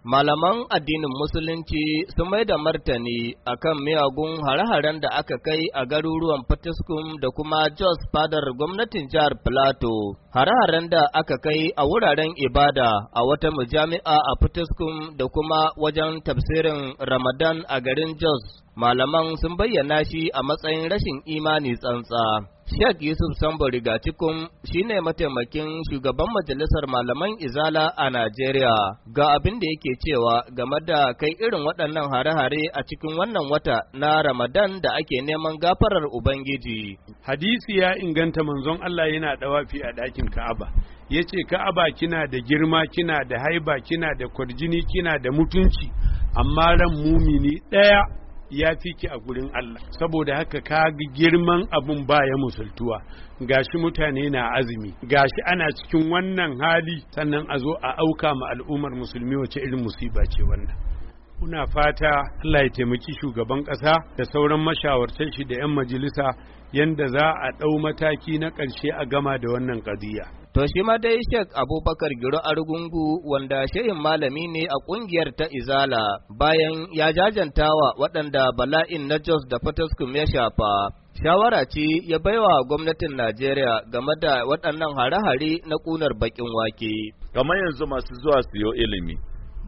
Malaman addinin Musulunci sun mai da martani a kan miyagun hare-haren da aka kai a garuruwan Fatiskum da kuma Jos fadar gwamnatin jihar Filato, hare-haren da aka kai a wuraren ibada a wata mujami'a a Fatiskum da kuma wajen tafsirin Ramadan a garin Jos. Malaman sun bayyana shi a matsayin rashin imani tsantsa. Sheikh Yusuf Sambo shi shine mataimakin shugaban majalisar malaman Izala a Najeriya ga abin da yake cewa game da kai irin waɗannan hare-hare a cikin wannan wata na Ramadan da ake neman gafarar Ubangiji. Hadisi ya inganta manzon Allah yana dawafi a ɗakin Ka'aba. Ya ce Ka'aba kina da girma, kina da haiba, kina da kwarjini, kina da mutunci, amma ran mumini ɗaya ya fi ki a gurin Allah saboda haka ka girman abun baya musultuwa gashi mutane na azumi gashi ana cikin wannan hali sannan a zo a auka ma al'ummar musulmi wace irin musiba ce wannan Kuna fata Allah ya taimaki shugaban ƙasa da sauran mashawartan shi da 'yan majalisa yanda za a ɗau mataki na ƙarshe a gama da wannan ƙaziyya. To shi ma dai Sheikh Abubakar Giro Argungu wanda shehin malami ne a ƙungiyar ta Izala bayan ya jajantawa waɗanda bala'in na Jos da Fataskum ya shafa. Shawara ce ya baiwa gwamnatin Najeriya game da waɗannan hare-hare na ƙunar baƙin wake. Kamar yanzu masu zuwa siyo ilimi,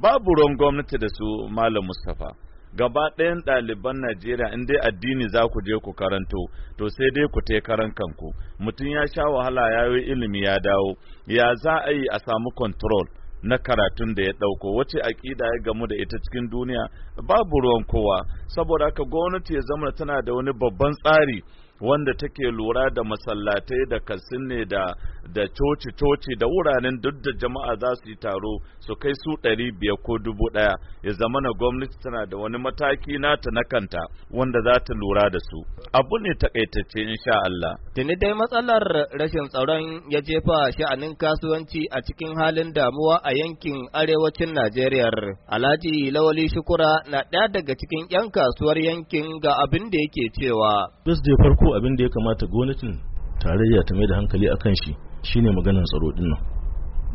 babu ruwan gwamnati da su Malam Mustapha. gaba ɗayan ɗaliban Najeriya in dai addini za ku je ku karanto to sai dai ku te karan kanku mutum ya sha wahala ya yi ilimi ya dawo ya za a yi a samu control na karatun da ya ɗauko wace aƙida ya gamu da ita cikin duniya babu ruwan kowa saboda haka gwamnati ya zama tana da wani babban tsari wanda take lura da masallatai da kasinne da da coci-coci da wuraren duk da jama'a za su yi taro su kai su ɗari biyar ko dubu ɗaya ya zama na gwamnati tana da wani mataki nata na kanta wanda za ta lura da su abu ne takaitacce insha Allah. Tuni dai matsalar rashin tsaron ya jefa sha'anin kasuwanci a cikin halin damuwa a yankin arewacin Najeriya. Alhaji Lawali Shukura na ɗaya daga cikin 'yan kasuwar yankin ga abin da yake cewa. Bis da farko abin da ya kamata gwamnatin tarayya ta mai da hankali a kan shi shine maganar tsaro din nan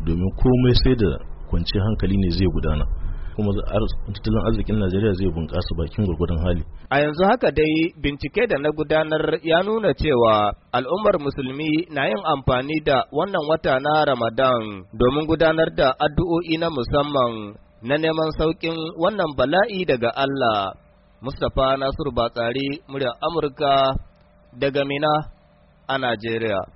domin komai sai da kwanciyar hankali ne zai gudana kuma tattalin arzikin Najeriya zai bunƙasa bakin gwargwadon hali. A yanzu haka dai bincike da na gudanar ya nuna cewa al'ummar musulmi na yin amfani da wannan wata na Ramadan domin gudanar da addu'o'i na musamman na neman sauƙin wannan bala'i daga Allah. Mustapha Nasiru Batsari, muryar Amurka daga Mina. a Nigeria.